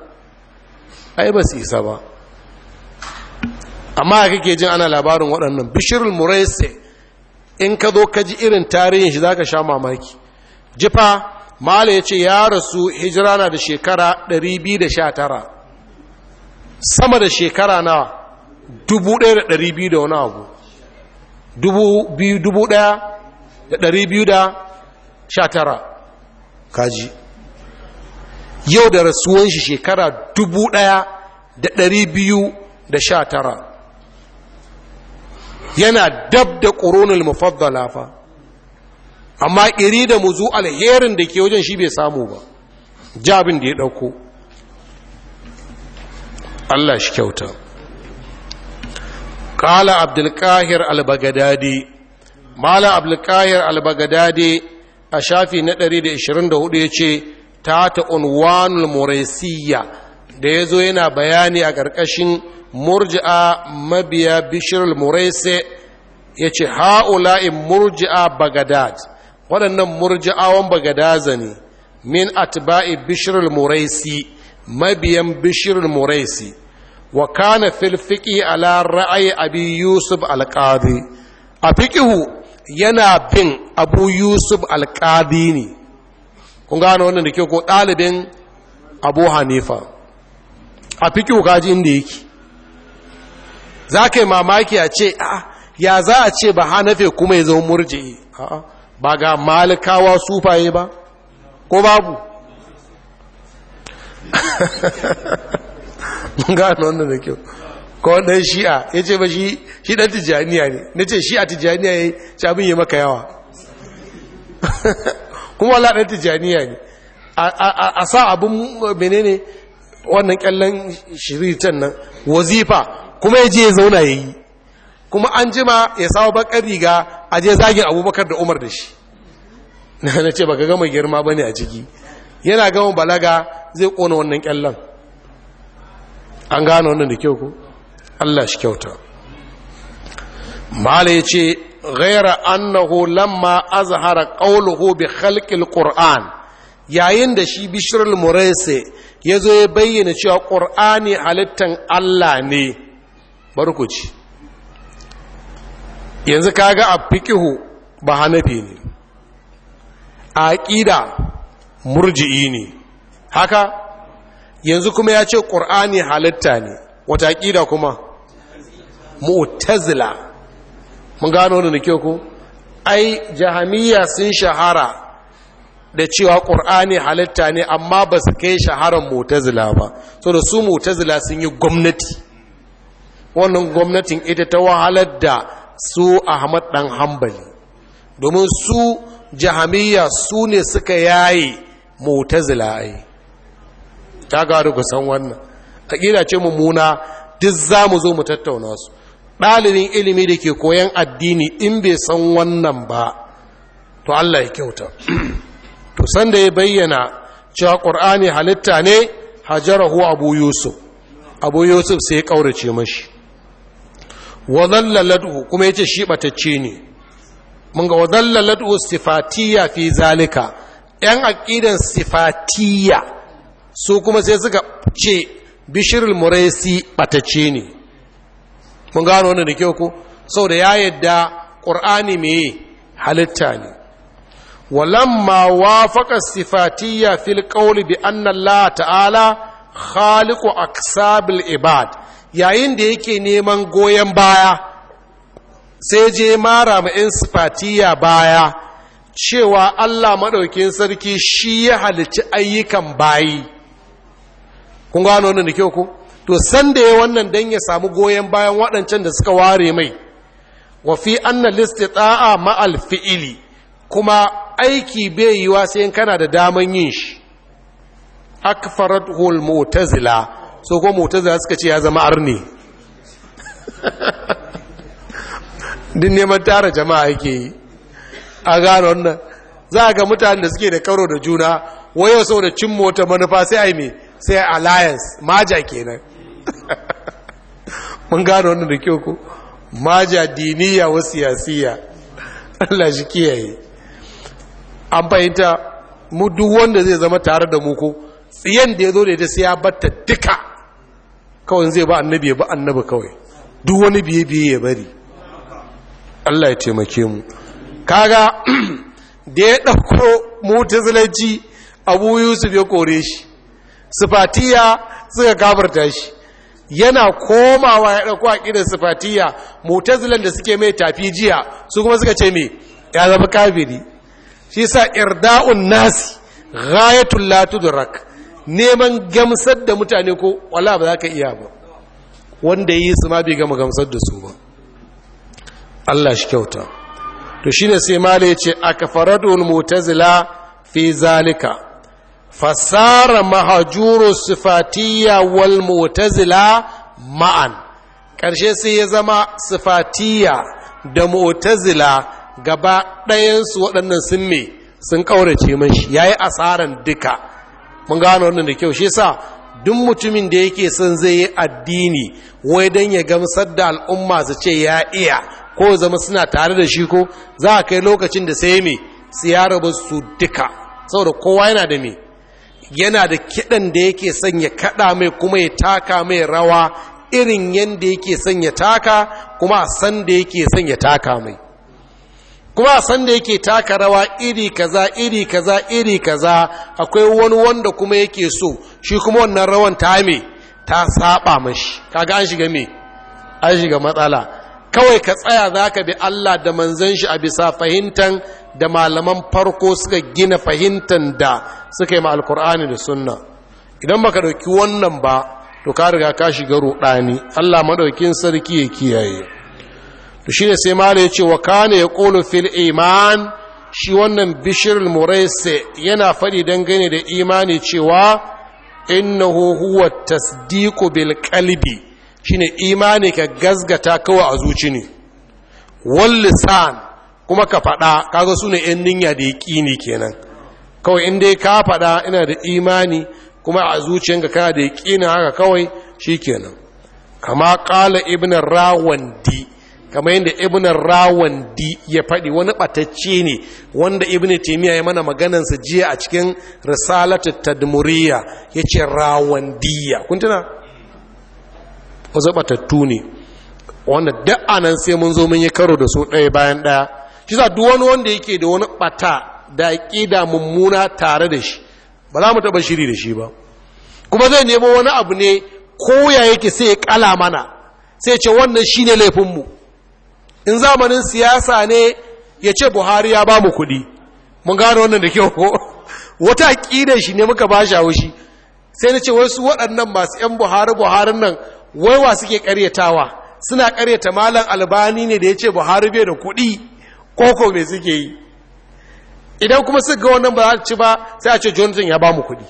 ai ba su isa ba amma kake jin ana labarin waɗannan bishirul muraisi in ka zo ka ji irin tarihin shi zaka sha mamaki jifa mala ya ce ya rasu hijira na da shekara 219 sama da shekara na 1200 da wani abu 1219 kaji yau da rasuwan shi shekara 1219 yana dab da ƙoronar mafadda fa amma ƙiri da muzu alherin da ke wajen shi bai samu ba jabin da ya ɗauko Allah shi kyauta kala abdulkahir albagadadi mala abdulkahir albagadadi a shafi na 124 ya ce ta ta unwanul muraisiyya da ya zo yana bayani a ƙarƙashin murji'a mabiya bishirul muraisi ya ce ha'ula'in murji'a bagadad waɗannan murji'awan bagadaza ne min atba'i bishirul muraisi mabiyan bishirul muraisi وكان في الفقه على ala ra'ayi يوسف yusuf alqadi a fiqihu yana bin abu yusuf alqadi ne kun gane wannan da ke ko ɗalibin abu hanifa a fiqihu kaji inda yake za ka yi mamaki a ce a ya za a ce ba hanafe kuma ya zama murji'i ba ga malikawa sufaye ba ko babu gano wannan da kyau ko dan shi'a ya ce ba shi shi dan tijjaniya ne na ce shi'a tijjaniya ya ce abin yi maka yawa kuma wala dan tijjaniya ne a sa abin menene wannan kyallon shiritan nan wazifa kuma ya je ya zauna ya yi kuma an jima ya sawo bakar riga a je zagin abubakar da umar da shi na ce ba ka gama girma ba ne a ciki yana gama balaga zai kona wannan kyallon an gano wannan da kyau ku Allah shi kyauta mala ce, ghaira annahu lamma azhara qawluhu bi khalqil qur'an yayin da shi bishrul muraisi yazo ya bayyana cewa qur'ani halittan Allah ne barkuci yanzu kaga a fiqihu ba hanafi ne a aqida murji'i ne haka yanzu kuma ya ce ƙur'ani halitta ne wata ƙida kuma mu'tazila mun gano da kyau ku ai jahamiya sun shahara da cewa ƙur'ani halitta ne amma ba su kai shaharar mu'tazila ba so da su mu'tazila sun yi gwamnati wannan gwamnatin ita ta wahalar da su ahmad dan hambali domin su jahamiya su ne suka yaye mu'tazila ai ta gado ku san wannan A ƙira ce mummuna duk za mu zo mu tattauna su ɗalibin ilimi da ke koyan addini in bai san wannan ba to Allah ya kyauta to sanda ya bayyana cewa ƙur'ani halitta ne hajarahu abu yusuf abu yusuf sai ya ƙaurace mashi lalatu kuma ya ce shi ɓatacce ne mun ga wazallalatu sifatiya fi zalika ‘yan aƙidan sifatiya su kuma sai suka ce bishirul muraisi batacce ne mun gano wannan da kyau ko da ya yadda qur'ani mai halitta ne walamma faƙa sifatiyya fil ƙauli bi anna allah ta'ala khaliqu aksabil ibad yayin da yake neman goyon baya sai je mara ma in sifatiyya baya cewa Allah maɗaukin sarki shi ya halici ayyukan bayi kun gano wannan da kyau ko to san da ya wannan dan ya samu goyon bayan waɗancan da suka ware mai wa fi anna listita'a ma'al fi'ili kuma aiki bai yiwa sai in kana da daman yin shi akfarat hul mu'tazila so ko mu'tazila suka ce ya zama arni din neman tara jama'a yake yi a gano wannan za a ga mutanen da suke da karo da juna wayo sau da cin mota manufa sai a mai sai alliance maja kenan mun gano wannan da kyau ku maja diniya wa siyasiya Allah shi kiyaye an fahimta mu duk wanda zai zama tare da mu ko tsiyan da ya zo da ita sai ya batta duka kawai zai ba annabi ya ba annabi kawai duk wani biye-biye ya bari Allah ya taimake mu kaga da ya ɗauko mutazilanci abu yusuf ya kore shi sifatiya suka kafarta shi yana komawa ya ɗauko a ƙirin sifatiya mutazilan da suke mai tafi jiya su kuma suka ce mai ya zama kabiri shi sa irda'un nasi ghayatul da rak. neman gamsar da mutane ko wala ba za ka iya ba wanda yi su ma bai gama gamsar da su ba Allah shi kyauta to shine sai mala yace akafaradul mutazila fi zalika fasara mahajuru sifatiyya wal mu'tazila ma'an ƙarshe sai ya zama sifatiyya da mu'tazila gaba ɗayansu waɗannan sun me sun ƙaurace mashi yi asaran duka mun gano wannan da kyau shi sa duk mutumin da yake son zai yi addini wai don ya gamsar da al'umma su ce ya iya ko zama suna tare da shi ko za a kai lokacin da sai me su ya rabu su duka saboda kowa yana da me yana da kiɗan da yake son ya kaɗa mai kuma ya taka mai rawa irin yadda yake son taka kuma a san da yake son taka mai kuma a san da yake taka rawa iri kaza iri kaza iri kaza akwai wani wanda kuma yake so shi kuma wannan rawan ta mai ta saba mashi kaga an shiga mai an shiga matsala kawai ka tsaya za ka bi Allah da manzan shi a bisa fahimtan da malaman farko suka gina fahimtar da suka yi ma alkur'ani da sunna idan baka ɗauki wannan ba to ka riga ka shiga ruɗani allah maɗaukin sarki ya kiyaye to shi ne sai mala yace ce wa kana ya ƙolo fil iman shi wannan Bishiyar Murasa yana faɗi dangane da imani cewa innahu huwa tasdiqu bil qalbi shine imani ka gazgata kawai a zuci ne wal lisan kuma ka faɗa kaga su ne ‘yan ninya da ya ne kenan kawai in dai ka faɗa ina da imani kuma a ka, kana da ya ni haka kawai shi kenan kama ƙala ibn rawandi kama yadda ibn rawandi ya faɗi wani ɓatacce ne wanda ibn taimiyya ya mana maganansa jiya a cikin risalatu tadmuriya ya ce rawandiya kun tuna wasu ɓatattu ne wanda sai mun zo mun yi karo da su ɗaya bayan ɗaya shi sa duk wani wanda yake da wani bata da aqida mummuna tare da shi ba za mu taba shiri da shi ba kuma zai nemo wani abu ne ko ya yake sai ya kala mana sai ce wannan shine laifinmu in zamanin siyasa ne ya ce buhari ya ba mu kuɗi mun gano wannan da kyau ko wata aƙidar shi ne muka ba shi haushi sai na ce wasu waɗannan masu 'yan buhari buharin nan waiwa suke karyatawa? suna ƙaryata malam albani ne da ya ce buhari bai da kuɗi koko me suke yi idan kuma su ga wannan ba za ci ba sai a ce johnson ya ba mu kuɗi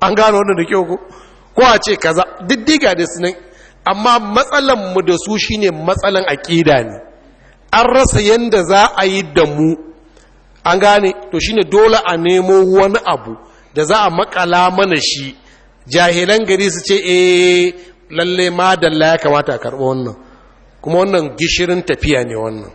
an gano wannan da kyau ko ko a ce kaza diddiga da su amma matsalan mu da su shine matsalan ƙida ne an rasa yanda za a yi da mu an gane to shine dole a nemo wani abu da za a makala mana shi jahilan gari su ce eh lalle madalla ya kamata a karɓo wannan kuma wannan gishirin tafiya ne wannan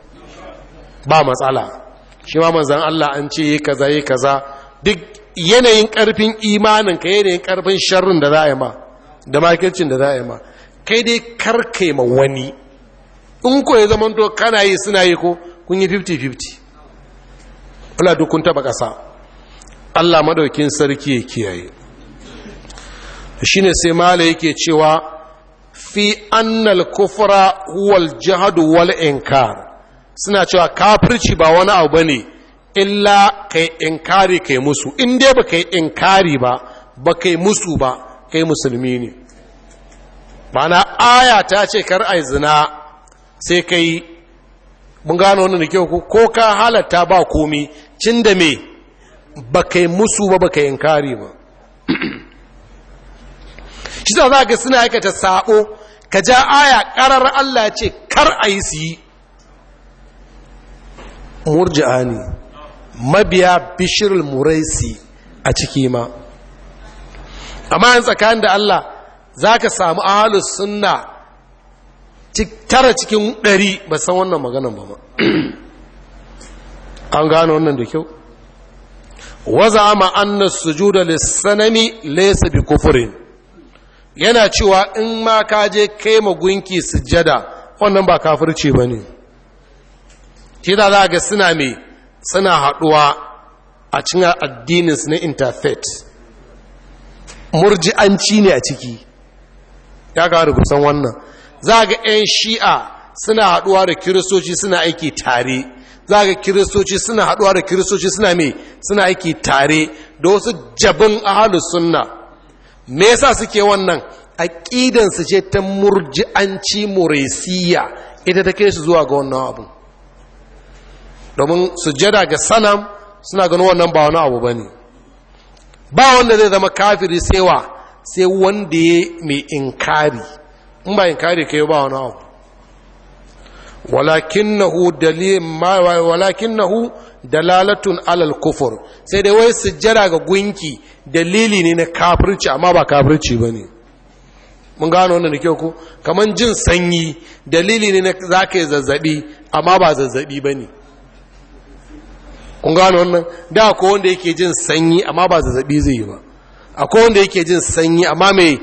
ba matsala shi ma manzan Allah an ce yi kaza yi kaza duk yanayin karfin imanin ka yanayin karfin sharrin da za a yi ma da makircin da za a yi ma kai dai karkai ma wani in ko ya zama to kana yi suna yi ko kun yi 50-50 wala duk kun taba ƙasa Allah madaukin sarki ya kiyaye shine sai mala yake cewa fi annal kufra wal jihadu wal inkar suna cewa kafirci ba wani abu ne illa kai inkari kai musu in dai ba kai inkari ba ba kai musu ba kai musulmi ne mana aya ta ce kar ai zina sai kai mun gano wannan da kyau ko ka halatta ba komi cin da me ba kai musu ba ba kai inkari ba shi za ga suna aikata sabo ka ja aya karar Allah ce kar a yi su yi murji'a ne mabiya bishirul muraisi a ciki ma amma in tsakanin da Allah za ka samu ahalus sunna tara cikin ɗari ba san wannan maganan ba ma an gano wannan da kyau waza ama annas sujuda lissanami laysa bi kufrin yana cewa in ma ka je kai ma gunki sujjada wannan ba kafirci bane shi da za ga suna mai suna haɗuwa a cikin addininsu na interfaith murji'anci ne a ciki ya ga rubusan wannan za ga 'yan shi'a suna haɗuwa da kiristoci suna aiki tare za ga kiristoci suna haɗuwa da kiristoci suna mai suna aiki tare da wasu jabin ahalus sunna me yasa suke wannan aƙidansu ce ta murji'anci muresiya ita ta kai su zuwa ga wannan abin. domin sujada ga sanam suna ganin wannan ba wani abu ba ne. ba wanda zai zama kafiri saiwa sai wanda ya mai inkari in ba inkari yi ba wani abu walakin na hu dalalatun alal kufur sai dai wai sujjada ga gunki dalili ne na kafirci amma ba kafirci ne. mun gano wannan da kyau ku. Kamar jin sanyi dalili ne na zaka yi zazzabi amma ba zazzabi ne. kun gano wannan da ko wanda yake jin sanyi amma ba zazzabi zai yi ba akwai wanda yake jin sanyi amma mai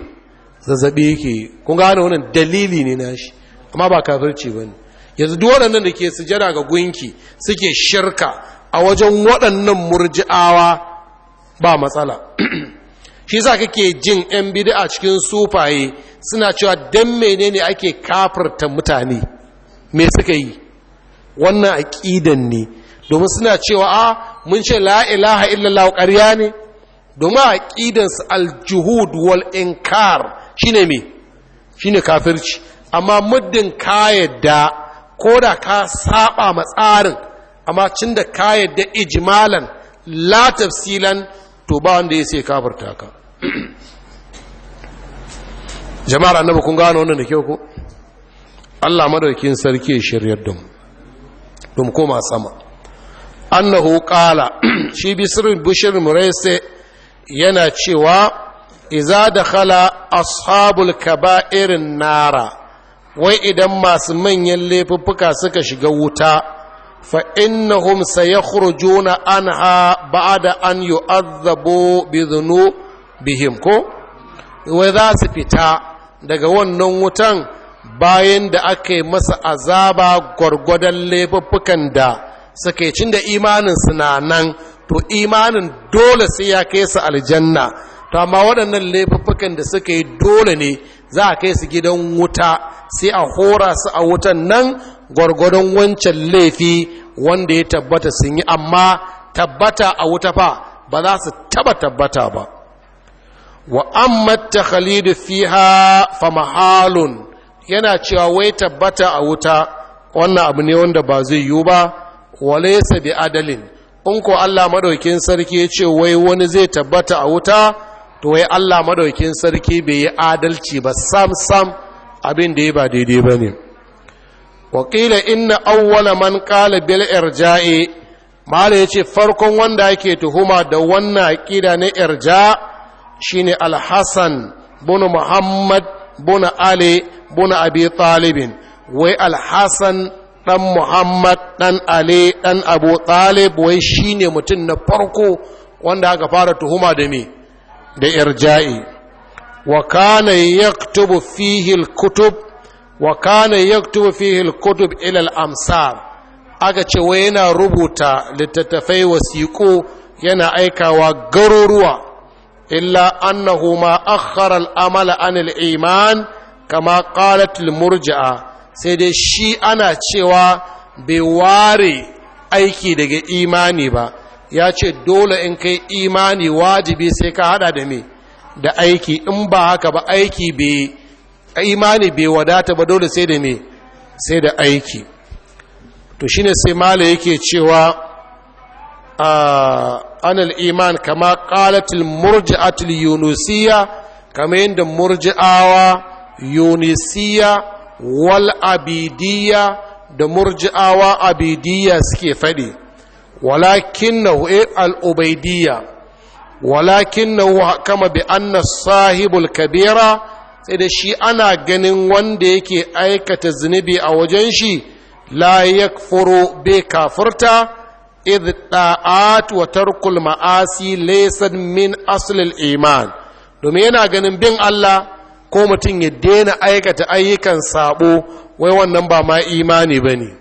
zazzabi yake yi kun gano wannan dalili ne na shi. amma ba kafirci ba ne yanzu duk waɗannan da ke sujada ga gunki suke shirka a wajen waɗannan murji'awa ba matsala shi sa kake jin 'yan bid'a cikin sufaye suna cewa dan menene ake kafirta mutane me suka yi wannan aƙidan ne domin suna cewa a ah, mun ce la ilaha illallah ƙarya ne domin a su aljuhud wal inkar shine me shine kafirci amma muddin ka yadda ko da ka saba matsarin amma cin da ka yadda ijmalan la tafsilan to ba wanda ya sai kafirta ka jama'ar annabi kun gano wannan da kyau ko Allah madaukin sarki shiryar da dum koma sama annahu qala shi sirri bushir muraisi yana cewa iza dakhala ashabul kaba'irin nara wai idan masu manyan laifuffuka suka shiga wuta fa innahum sayakhrujuna anha ba'da an yu'adhabu bi bihim ko wai za su fita daga wannan wutan bayan da aka yi masa azaba gwargwadon laifuffukan da cin da imanin suna nan to imanin dole sai ya kai su aljanna to amma waɗannan laifuffukan da suka yi dole ne za a kai su gidan wuta sai a hora su a wutan nan gwargwadon wancan laifi wanda ya tabbata sun yi amma tabbata a wuta fa ba za su taba tabbata ba wa amma takhalidu fiha fa mahalun yana cewa wai tabbata a wuta wannan abu ne wanda ba zai yiwu ba Wale walaysa bi adalin in ko Allah madaukin sarki ya ce wai wani zai tabbata a wuta to wai Allah madaukin sarki bai yi adalci ba sam sam abin da ya ba daidai bane wa qila inna awwala man qala bil irja'i mala yace farkon wanda yake tuhuma da wannan aqida na irja shine al-hasan bin muhammad bin ali bin abi talib wai al-hasan ɗan muhammad ɗan ali ɗan abu talib wai shi ne mutum na farko wanda aka fara tuhuma da me da irja'i wa kana yaktubu fihi kutub wa kana yaktubu fihi kutub ila al-amsar aka ce wai yana rubuta littattafai wasiƙo yana aikawa garuruwa illa annahu ma akhara al-amala anil iman kama qalat al-murji'a sai dai shi ana cewa bai ware aiki daga imani ba ya ce dole in kai imani wajibi sai ka hada da me da aiki in ba haka ba aiki bai imani bai wadata ba dole sai da me sai da aiki to shine sai mala yake cewa ah, anal iman kama qalatil murji'atul yunusiyya kama yadda murji'awa yunisiya wal abidiyya da murji'awa abidiyya suke faɗi walakin na eh, al'ubaidiyya walakin na kama bi anna sahibul kabira sai da shi ana ganin wanda yake aikata zunubi a wajen shi la yakfuru bai kafurta idh wa tarkul ma'asi laysa min aslil iman domin yana ganin bin Allah ko mutum ya daina aikata ayyukan sabo wai wannan ba ma imani ba ne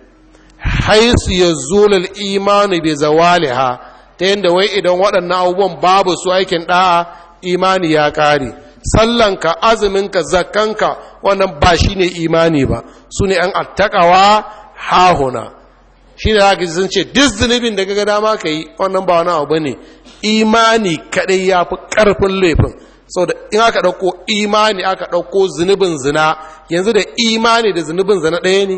haisu ya zulal imani bai zawaliha ta yadda wai idan waɗannan abubuwan babu su aikin ɗa'a imani ya ƙare sallanka azuminka zakanka, wannan ba shi ne imani ba su ne an attakawa hahuna shi ne haka sun ce duk zunubin da gaga dama ka yi wannan ba wani abu ne imani kaɗai ya fi ƙarfin laifin sau da in aka ɗauko imani aka ɗauko zunubin zina yanzu da imani da zunubin zina ɗaya ne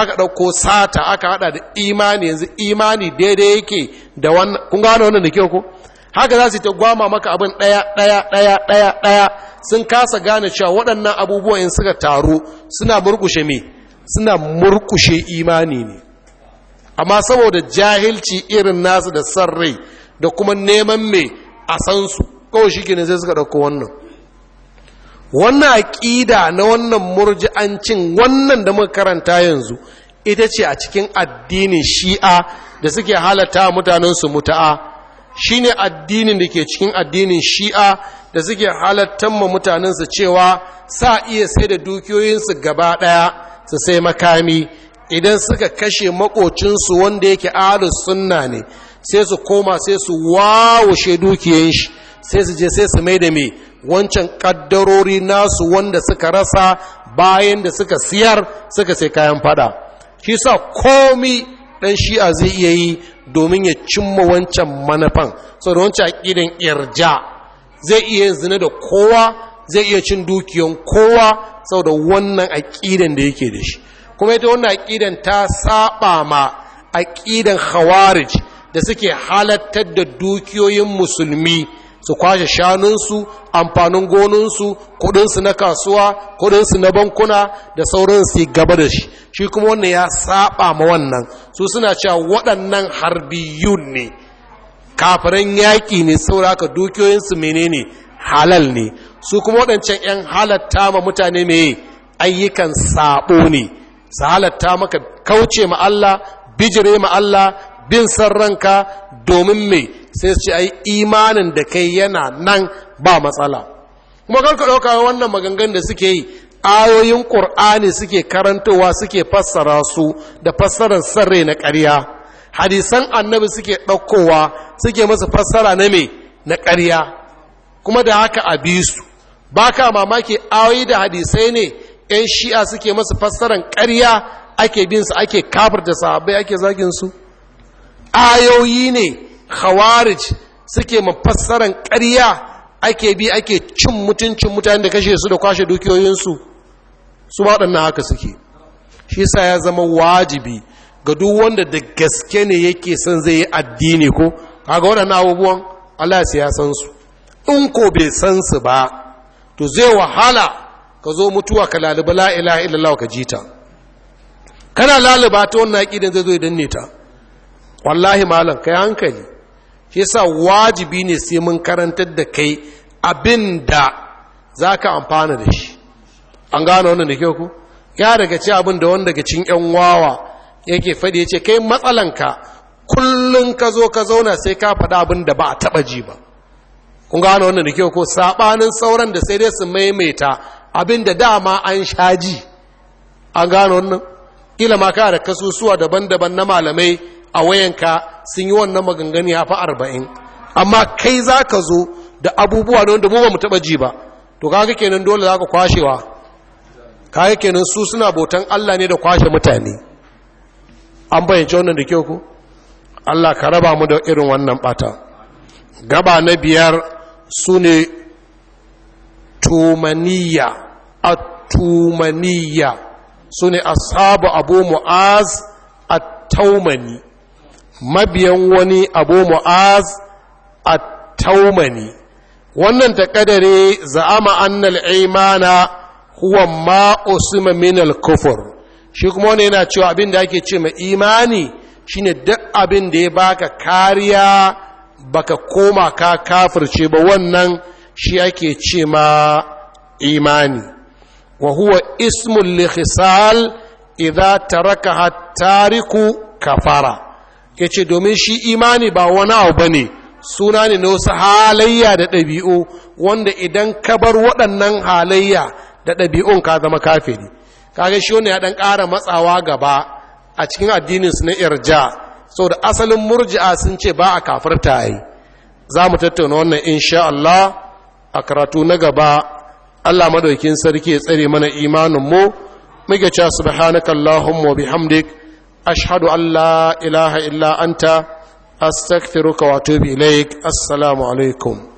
aka ɗauko sata aka haɗa da imani yanzu imani daidai yake da wannan kun gane wannan da kyau ko haka za su ta gwama maka abin ɗaya ɗaya ɗaya ɗaya ɗaya sun kasa gane cewa waɗannan abubuwan in suka taru suna murkushe me suna murkushe imani ne amma saboda jahilci irin nasu da san rai da kuma neman me a san su kawai shi ne sai suka ɗauko wannan wannan aƙida na wannan murji'ancin wannan da muka karanta yanzu ita ce a cikin addinin shi'a da suke halatta mutanensu muta'a shi ne addinin da ke cikin addinin shi'a da suke halattan ma mutanensu cewa sa iya sai da dukiyoyinsu gaba ɗaya su sai makami idan suka kashe makocinsu wanda yake ahlus sunna ne sai su koma sai su wawushe dukiyoyin shi sai su je sai su mai da mai wancan kaddarori nasu wanda suka rasa bayan da suka siyar suka sai kayan fada shi sa komi dan shi'a zai iya yi domin ya cimma wancan manufan saboda wancan aqidan irja zai iya zina da kowa zai iya cin dukiyan kowa saboda wannan ƙidan da yake da shi kuma ita wannan aqidan ta saba ma aqidan khawarij da suke halattar da dukiyoyin musulmi su kwashe shanunsu amfanin gonunsu kudinsu na kasuwa kudinsu na bankuna da sauran su gaba da shi shi kuma wannan ya saba ma wannan su suna cewa waɗannan harbiyun ne kafiran yaƙi ne sauraka dukiyoyinsu menene halal ne su kuma waɗancan 'yan halatta ma mutane mai ayyukan sabo ne su halatta maka kauce ma Allah bijire ma Allah bin sarranka domin mai sai su ce ai imanin da kai yana nan ba matsala kuma karka ɗauka wannan magangan da suke yi ayoyin ƙur'ani suke karantowa suke fassara su da fassarar sarre na ƙarya hadisan annabi suke ɗaukowa suke masa fassara na me na ƙarya kuma da haka a bi su mamaki ayoyi da hadisai ne 'yan shi'a suke masa fassarar ƙarya ake bin su ake kafirta sahabbai ake zagin su ayoyi ne khawarij suke mafassaran ƙarya ake bi ake cin mutuncin mutane da kashe su da kwashe dukiyoyinsu su waɗannan haka suke shi sa ya zama wajibi ga duk wanda da gaske ne yake son zai yi addini ko kaga waɗannan abubuwan Allah ya san su in ko bai san su ba to zai wahala ka zo mutuwa ka laliba la ilaha illallah ka jita kana laliba ta wannan aƙidan zai zo ya danne ta wallahi malam kai hankali shi yasa wajibi ne sai mun karantar da kai abin da za ka amfana da shi an gane wannan da kyau ku ya daga ce abin da wanda daga cin yan wawa yake faɗi ya ce kai matsalanka kullum ka zo ka zauna sai ka faɗa abin da ba a taɓa ji ba kun gane wannan da kyau ko saɓanin sauran da sai dai su maimaita abin da dama an sha ji an gane wannan kila ma kana da kasusuwa daban-daban na malamai a wayanka sun yi wannan maganganu ya fi arba'in amma kai za ka zo da abubuwa don da mu ba mu taɓa ji ba to kaga kenan dole za ka kwashewa kaga kenan su suna botan allah ne da kwashe mutane an bayyance wannan da kyau ku allah ka raba mu da irin wannan bata gaba na biyar su ne tumaniya a tumaniya su ne abu mu'az a taumani mabiyan wani abu mu'az a taumani wannan ta kadare za'ama annal imana huwa ma usima min al shi kuma wani yana cewa abin da ake ce mai imani shine duk abin da ya baka kariya baka koma ka kafirce ba wannan shi ake ce ma imani wa huwa ismul li khisal idza tarakaha tariku kafara ya ce domin shi imani ba wani abu ba ne suna ne na wasu halayya da ɗabi'u wanda idan ka bar waɗannan halayya da ɗabi'un ka zama kafiri kaga shi wani ya ɗan ƙara matsawa gaba a cikin addinin su na irja da asalin murji'a sun ce ba a kafirta yi za mu tattauna wannan insha Allah a karatu na gaba Allah madaukin sarki ya tsare mana imanin mu muke cewa subhanakallahumma wa bihamdika ashhadu Allah ilaha illa anta astaghfiruka wa atubu ilaik assalamu alaikum